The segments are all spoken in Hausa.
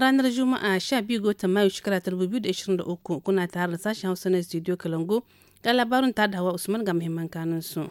a ranar Juma'a 12 ga Mayu shekara 2023 kuna tare da sashen Hausa na Studio Kalango ga labarin ta da Usman ga muhimman kanun su.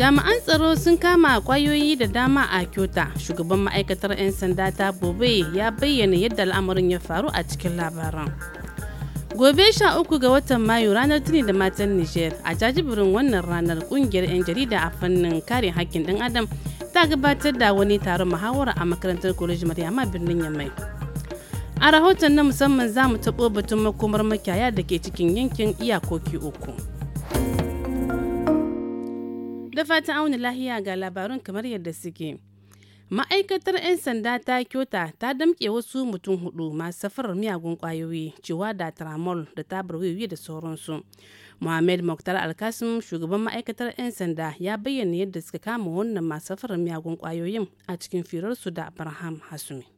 Jami'an tsaro sun kama kwayoyi da dama a Kyoto. Shugaban ma'aikatar 'yan sanda ta Bobe ya bayyana yadda al'amarin ya faru a cikin labaran. gobe sha uku ga watan mayu ranar tuni da matan niger a jajibirin wannan ranar kungiyar 'yan jarida a fannin kare hakkin ɗan adam ta gabatar da wani taron muhawara a makarantar kwaleji maryama birnin yamai a rahoton na musamman za mu taɓo batun makomar makiyaya da ke cikin yankin iyakoki uku da fatan auna lahiya ga labarun kamar yadda suke ma'aikatar 'yan sanda ta kyota ta damke wasu mutum hudu masu safarar miyagun kwayoyi cewa da tramol da tabar wiwi da sauransu mohamed muktar alkasim shugaban ma'aikatar 'yan sanda ya bayyana yadda suka kama wannan masu safarar miyagun kwayoyin a cikin firarsu da abraham hasumi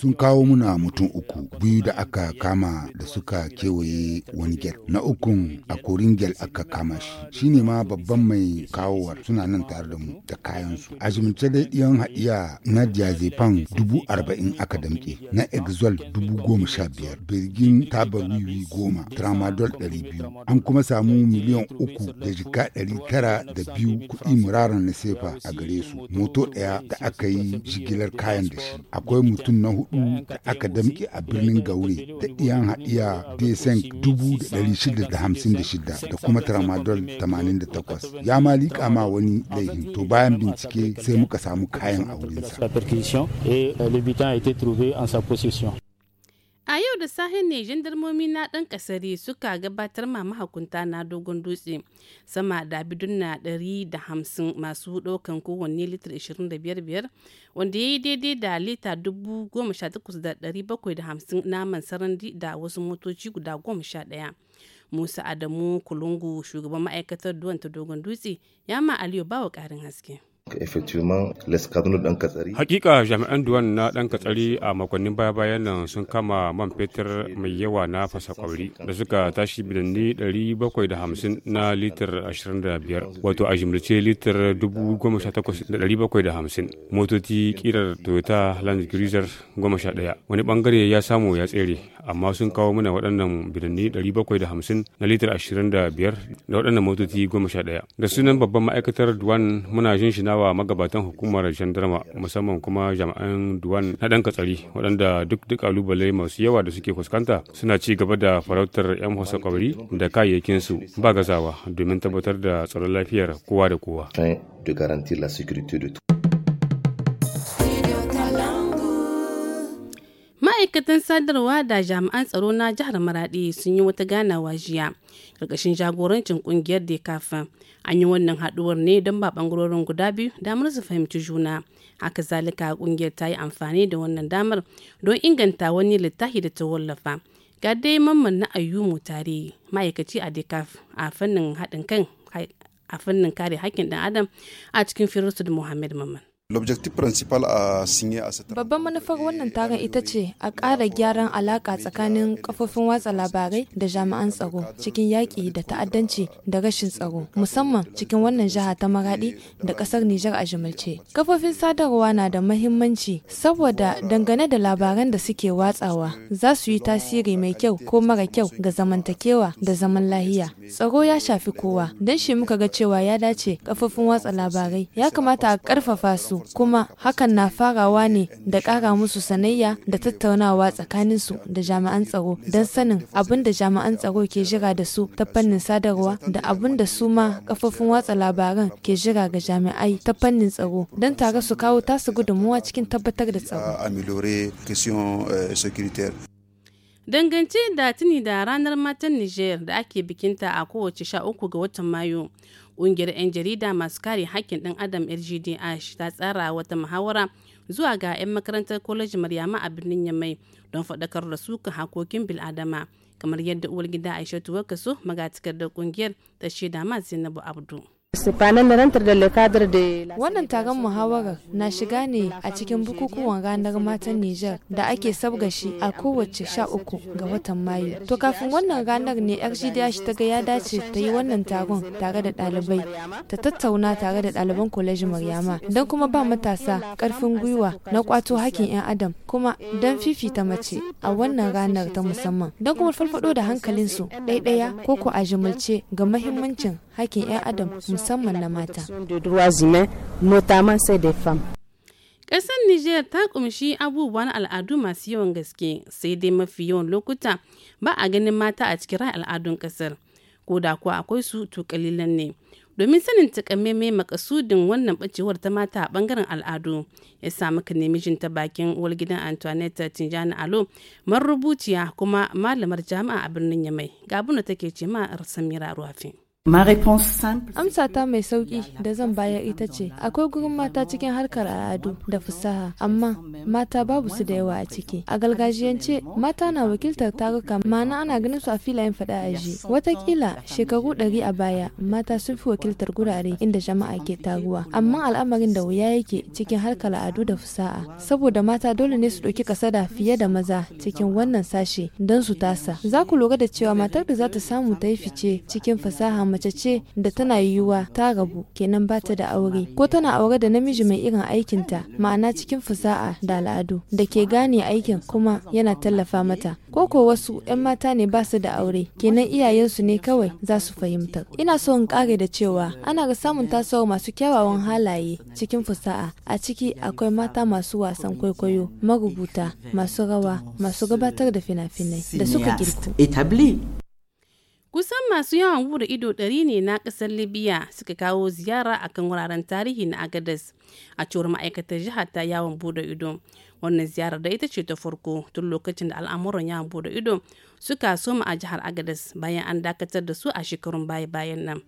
Sun kawo muna mutum uku, biyu da aka kama da suka kewaye wani gel. Na ukun a korin gel aka kama shi. Shi ne ma babban mai kawowar suna nan tare da mu da kayansu. A jimince da iyan haɗiya na diazepam dubu arba'in aka damke na exol dubu goma sha biyar, birgin tabar wiwi goma, tramadol ɗari biyu. An kuma samu miliyan uku da jika ɗari tara da biyu kuɗi muraran na sefa a gare su. moto ɗaya da aka yi jigilar kayan da shi akwai mutum na hudu da aka damke a birnin gaure da iyan haɗiya desen dubu da ɗari shida da hamsin da shida da kuma tramadol tamanin ya ma liƙa ma wani laihin to bayan bincike sai muka samu kayan a wurinsa. A yau da sahen ne jandarmomi na ɗan ƙasari suka gabatar ma mahakunta na dogon dutse sama da ɗari da hamsin masu ɗaukan kowanne litar 25 wanda ya yi daidai da lita dubu goma sha da da ɗari bakwai hamsin na mansarandi da wasu motoci guda goma sha ɗaya, Musa Adamu Kulungu shugaban ma'aikatar duwanta dogon dutse ya ma Aliyu bawa ƙarin haske. Hakika jami'an duwan na ɗan katsari a makonnin baya bayan nan sun kama man fetur mai yawa na fasa kwauri da suka tashi bidanni 750 na litir 25 wato a jimlice litir 18,750 motoci kirar toyota land cruiser 11 wani bangare ya samu ya tsere amma sun kawo mana waɗannan bidanni 750 na litir 25 da waɗannan motoci 11 da sunan babban ma'aikatar duwan muna jin shi na wa magabatan hukumar gendarma musamman kuma jami'an duwan na ɗan katsari waɗanda duk duk kalubale masu yawa da suke fuskanta suna ci gaba da farautar 'yan hausa kwabari da kayayyakin su ba gazawa domin tabbatar da tsaron lafiyar kowa da kowa. ma'aikatan sadarwa da jami'an tsaro na jihar maradi sun yi wata ganawa jiya ƙarƙashin jagorancin ƙungiyar kafa an yi wannan haɗuwar ne don ba ɓangarorin guda biyu damar su fahimci juna haka zalika ƙungiyar ta yi amfani da wannan damar don inganta wani littafi da ta wallafa ga dai mamman na ayyumu tare ma'aikaci a dekaf a fannin kare haƙƙin ɗan adam a cikin firusud muhammad mamman L'objectif principal a signé à cette Babban manufar wannan taron ita ce a ƙara gyaran alaƙa tsakanin kafofin watsa labarai da jami'an tsaro cikin yaƙi da ta'addanci da rashin tsaro musamman cikin wannan jiha ta Maraɗi da ƙasar Nijar a jimilce. Kafofin sadarwa na da mahimmanci saboda dangane da labaran da suke watsawa za su yi tasiri mai kyau ko mara kyau ga zamantakewa da zaman lahiya. Tsaro ya shafi kowa don shi muka ga cewa ya dace kafofin watsa labarai ya kamata a ƙarfafa su kuma hakan na farawa ne da ƙara musu sanayya da tattaunawa tsakanin su da jami'an tsaro don sanin abin da jami'an tsaro ke jira da su ta fannin sadarwa da abin da su ma kafofin watsa labaran ke jira ga jami'ai ta fannin tsaro don tare su kawo tasu gudunmuwa cikin tabbatar da tsaro. Euh, dangance da tuni da ranar matan niger da ake bikinta a kowace sha uku ga watan mayu ƙungiyar 'yan jarida masu kare hakkin ɗan adam rgdh ta tsara wata muhawara zuwa ga 'yan makarantar kwalejin maryama a birnin yamai don faɗakar da su ka hakokin bil'adama kamar yadda uwar gida aisha tuwa kaso magatakar da ƙungiyar ta shaida ma zainabu abdu Wannan taron muhawarar na shiga ne a cikin bukukuwan ranar matan Nijar da ake sabgashi a kowace sha uku ga watan Mayu. To kafin wannan ranar ne shi ta ga ya dace ta yi wannan taron tare da ɗalibai ta tattauna tare da ɗaliban kwalejin Maryama don kuma ba matasa ƙarfin gwiwa na ƙwato hakkin 'yan adam kuma don fifita mace a wannan ranar ta musamman don kuma farfado da hankalinsu ɗaiɗaya ko ko a jimilce ga mahimmancin hakkin 'yan adam musamman na mata. Ƙasar Nijar ta ƙumshi abubuwan al'adu masu yawan gaske sai dai mafi yawan lokuta ba a ganin mata a cikin ran al'adun ƙasar. Ko da kuwa akwai su to kalilan ne. domin sanin takamaimai makasudin wannan bacewar ta mata a bangaren al'adu ya samu ka nemi jin ta bakin uwar gidan antoinette tijani alo marubuciya kuma malamar jami'a a birnin yamai gabuna take ce ma samira ruwafin amsa ta mai sauki da zan bayar ita ce, akwai gurin mata cikin harkar al'adu da fasaha, amma mata babu su da yawa a ciki. A gargajiyance, mata na wakiltar taruka mana ana ganin su a filayen faɗa a ji Watakila shekaru ɗari a baya, mata sun fi wakiltar gurare inda jama'a ke taruwa. Amma al'amarin da wuya yake cikin harkar al'adu da fasaha, saboda mata dole ne su ɗauki kasada fiye da maza cikin wannan sashe don su tasa. Za ku lura da cewa matar da za ta samu ta yi fice cikin fasaha mace ce da tana yiwuwa ta rabu kenan ba ta da aure ko tana aure da namiji mai irin aikinta ma'ana cikin fasa'a da al'adu da ke gane aikin kuma yana tallafa mata ko ko wasu 'yan mata ne ba su da aure kenan iyayensu ne kawai za su fahimta ina so in kare da cewa ana ga samun tasowa masu kyawawan halaye cikin fasa'a a ciki akwai mata masu wasan kwaikwayo marubuta masu rawa masu gabatar da fina-finai da suka girku kusan masu yawon buɗe ido ɗari ne na ƙasar libya suka kawo ziyara akan wuraren tarihi na agadas a cewar ma'aikatar jiha ta yawon bude ido wannan ziyarar da ita ce ta farko tun lokacin da al'amuran yawon bude ido suka soma a jihar agadas bayan an dakatar da su a shekarun baya-bayan nan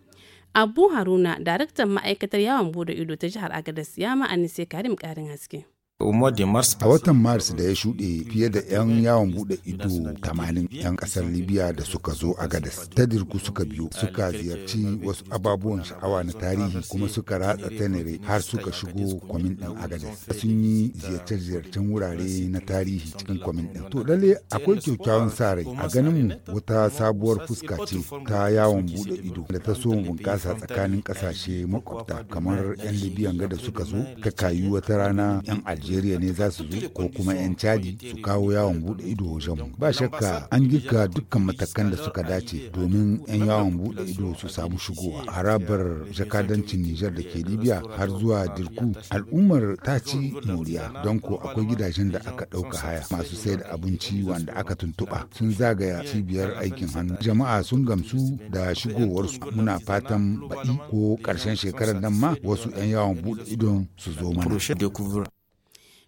abu haruna daraktan ma'aikatar yawon bude ido ta jihar agadas ya ma'anise karim karin haske A watan Maris da ya shuɗe fiye da 'yan yawon buɗe ido 80 'yan ƙasar Libya da suka zo a Gadas. Ta dirku suka biyo suka ziyarci wasu ababuwan sha'awa na tarihi kuma suka ratsa Tenere har suka shigo kwamin ɗin agadas Sun yi ziyarce-ziyarcen wurare na tarihi cikin kwamin ɗin. To lalle akwai kyakkyawan sa rai a ganin mu wata sabuwar fuska ce ta yawon buɗe ido da ta so bunƙasa tsakanin kasashe makwabta kamar 'yan Libyan gada suka zo ka kayi wata rana 'yan Algeria. Najeriya ne za su zo ko kuma 'yan cadi su kawo yawon bude ido wajen mu. Ba shakka an girka dukkan matakan da suka dace domin 'yan yawon bude ido su samu shigowa. Harabar jakadancin Nijar da ke Libya har zuwa Dirku al'ummar ta ci moriya don ko akwai gidajen da aka ɗauka haya masu sai da abinci wanda aka tuntuɓa sun zagaya cibiyar aikin hannu. Jama'a sun gamsu da shigowarsu muna fatan baɗi ko ƙarshen shekarar nan ma wasu 'yan yawon bude idon su zo mana.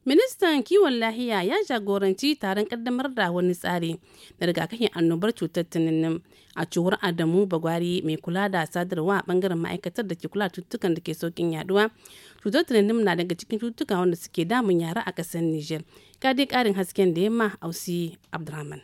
ministan kiwon lahiya ya jagoranci taron kaddamar da wani tsari na rigakafin annobar cutar tunanin a cewar adamu bagwari mai kula da sadarwa a bangaren ma'aikatar da ke kula cututtukan da ke saukin yaduwa cutar tunanin na daga cikin cututtuka wanda suke damun yara a ƙasar niger kadai dai karin hasken da yamma ausi abdurrahman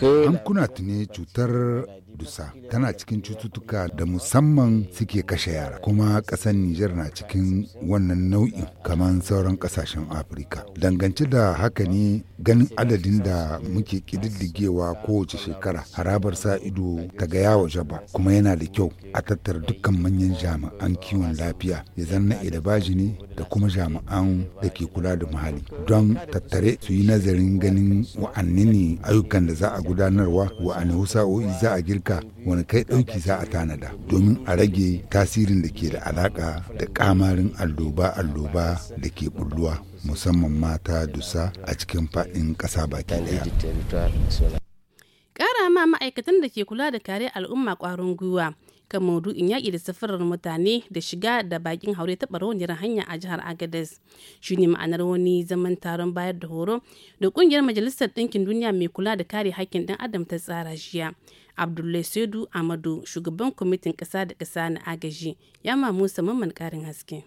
Hankuna tuni cutar dusa tana cikin cututtuka da musamman suke kashe yara kuma ƙasar Nijar na cikin wannan nau'in kamar sauran ƙasashen Afirka. Dangance da haka ne ganin adadin da muke ƙididdigewa kowace shekara harabar sa ido ta ga yawo jaba kuma yana da kyau a tattara dukkan manyan jami'an kiwon lafiya ya zanna el-baji ne da kuma jami'an da ke kula da muhalli don tattare su yi nazarin ganin wa'anni ne ayyukan da za a gudanarwa wa'ane sa'o'i za a girka wani kai ɗauki za a tanada domin a rage tasirin da ke da alaƙa da ƙamarin alloba-alloba da ke bulluwa musamman mata dusa a cikin faɗin ƙasa baki ɗaya. Ƙara ma ma'aikatan da ke kula da kare al'umma ƙwarin gwiwa. kan maudu'in yaƙi da safarar mutane da shiga da bakin haure ta barauniyar hanya a jihar agadez shine ma'anar wani zaman taron bayar da horo da ƙungiyar majalisar ɗinkin duniya mai kula da kare haƙƙin ɗan adam ta tsara jiya abdullahi saidu amadu shugaban kwamitin ƙasa da ƙasa na agaji ya ma musa mamman ƙarin haske.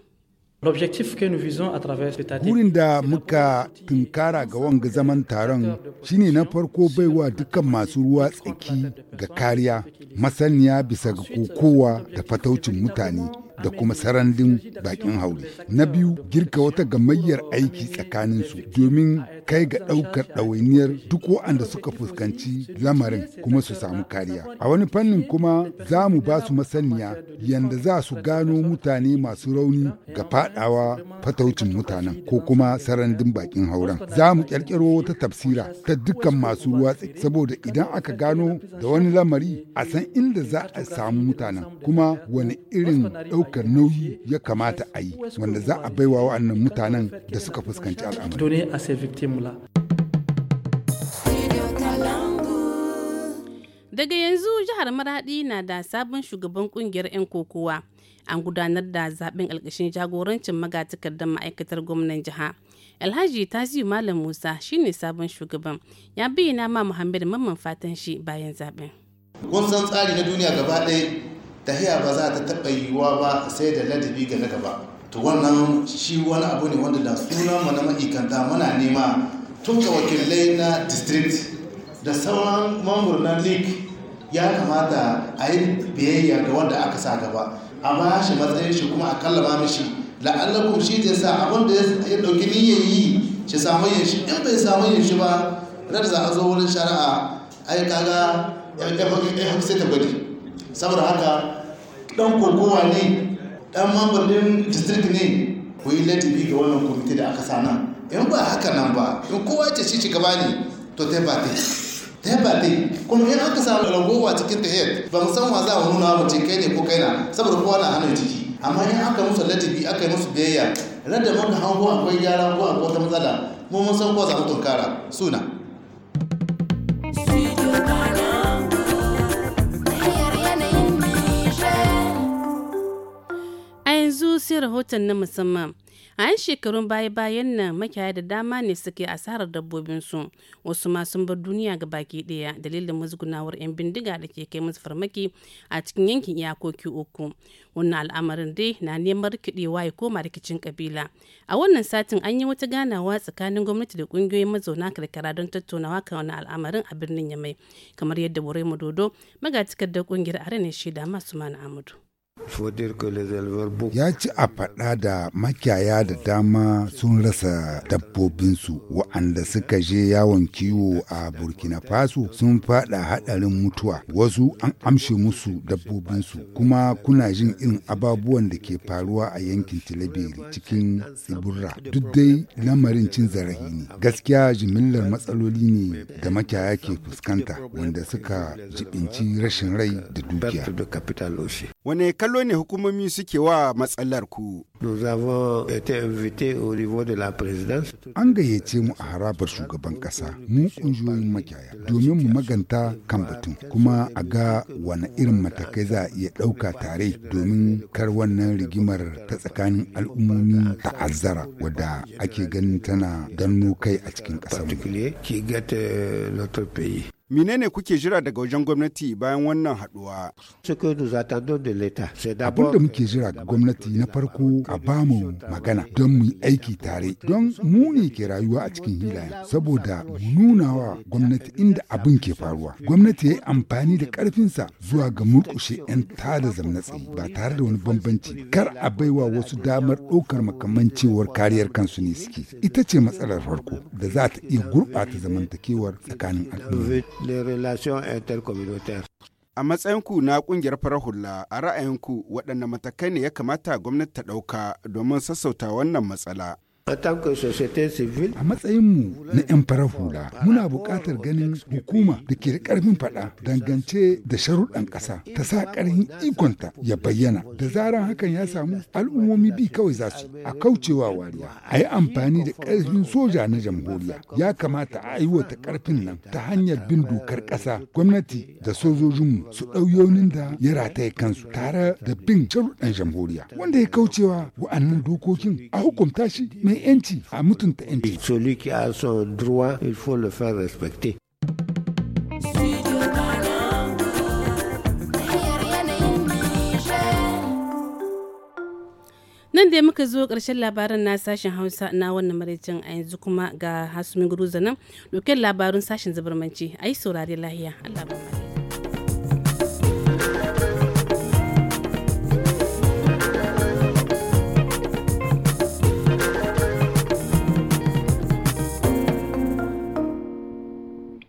Burin da muka tunkara ga wanga zaman taron shine na farko baiwa dukkan masu ruwa tsaki ga kariya, masaniya bisa ga kokowa da fataucin mutane da kuma sarandin bakin haure. Na biyu girka wata gamayyar aiki tsakaninsu domin kai ga ɗaukar ɗawainiyar duk waɗanda suka fuskanci lamarin kuma su samu kariya. A wani fannin kuma za mu ba su masaniya yadda za su gano mutane masu rauni ga faɗawa fataucin mutanen ko kuma sarandin bakin hauren. Za mu ƙirƙiro wata tafsira ta dukkan masu ruwa saboda idan aka gano da wani lamari a san inda za a samu mutanen kuma wani irin ɗaukar nauyi ya kamata a yi wanda za a baiwa waɗannan mutanen da suka fuskanci al'amari. mula. Daga yanzu jihar Maradi na da sabon shugaban kungiyar 'yan kokowa. An gudanar da zaben alkashin jagorancin magatakardar ma'aikatar gwamnan jiha. Alhaji Tasiu Malam Musa shine sabon shugaban. Ya bayyana ma Muhammad Mamman fatan shi bayan zaben. Kun tsari na duniya gaba ɗaya tahiya ba za ta taɓa yiwuwa ba sai da ladabi ga na gaba. to wannan shi wani abu ne wanda da sunan mu na ma'aikanta muna nema tun ga wakilai na district da sauran mamur na league ya kamata a yi biyayya ga wanda aka sa gaba Amma ya shi matsayin shi kuma a kallama mishi la'allakun shi ta sa abin da ya ɗauki niyyar shi samu yin shi in bai samu yin shi ba rar za a zo wurin shari'a a yi kaga ya sai ta bari saboda haka ɗan kokowa ne dan mambar din district ne ku yi ga wannan kwamiti da aka sana in ba haka nan ba in kowa ce ci gaba ne to ta ba ta ta ba ta kuma in aka samu ragowa cikin ta head ba mu san wa za mu nuna ba ce kai ne ko kai na saboda kowa na hana jiki amma in aka musu ladibi aka yi musu biyayya rada maka hango akwai gyara ko akwai wata matsala mu mun san ko za mu tunkara suna sai rahoton na musamman a yan shekarun baya-bayan nan makiyaya da dama ne suke asarar dabbobinsu wasu ma sun bar duniya ga baki ɗaya dalilin musgunawar 'yan bindiga da ke kai musu farmaki a cikin yankin iyakoki uku wannan al'amarin dai na neman rikidewa ya koma rikicin kabila a wannan satin an yi wata ganawa tsakanin gwamnati da kungiyoyin mazauna karkara don tattaunawa kan wani al'amarin a birnin yamai kamar yadda wurai dodo magatakar da kungiyar are ne shida masu mana amadu Ya ci a faɗa da makiyaya da dama sun rasa dabbobinsu wa'anda suka je yawon kiwo a Burkina Faso sun faɗa haɗarin mutuwa wasu an amshe musu dabbobinsu kuma kuna jin irin ababuwan da ke faruwa a yankin tilabiri cikin tsibirra duk dai lamarin cin zarafi ne. Gaskiya jimillar matsaloli ne da makiyaya ke fuskanta wanda suka jibinci rashin rai da dukiya. kallo ne hukumomi suke wa matsalar ku? An gayyace mu a harabar shugaban ƙasa, mu ƙungiyoyin makiyaya, domin mu maganta kan batun, kuma a ga wani irin matakai za a iya ɗauka tare domin kar wannan rigimar ta tsakanin al'ummomi ta'azzara wadda ake ganin tana gano kai a cikin ƙasar. menene kuke jira daga wajen gwamnati bayan wannan haduwa abin da muke jira ga gwamnati na farko a ba mu magana don mu yi aiki tare don muni ke rayuwa a cikin hilayen saboda nuna wa gwamnati inda abin ke faruwa gwamnati ya yi amfani da karfinsa zuwa ga murkushe 'yan tada zamna tsaye ba tare da wani bambanci kar a baiwa wasu damar ɗaukar makamancewar kariyar kansu ne suke ita ce matsalar farko da za ta iya gurɓata zamantakewar tsakanin al'umma les relations intercommunautaires. A matsayinku na kungiyar farar hula a ra'ayinku waɗanne matakai ne ya kamata gwamnati ta ɗauka domin sassauta wannan matsala? A matsayinmu na 'yan farar hula, muna buƙatar ganin hukuma da ke da ƙarfin faɗa dangance da sharuɗan ƙasa ta sa ƙarfin ikonta ya bayyana. Da zaran hakan ya samu al'ummomi bi kawai za su a kaucewa wariya. A yi amfani da ƙarfin soja na jamhuriya. Ya kamata a aiwata ƙarfin nan ta hanyar bin dokar ƙasa, gwamnati da sojojinmu su ɗau da ya rataye kansu tare da bin sharuɗan jamhuriya. Wanda ya kaucewa wa'annan dokokin a hukunta shi mai 'yanci a mutunta 'yanci. Celui qui a son droit, il faut le faire respecter. nan da muka zo ƙarshen labaran na sashen hausa na wannan maraicin a yanzu kuma ga hasumin guruza nan dokin labarun sashen zubarmanci a yi saurari lahiya allah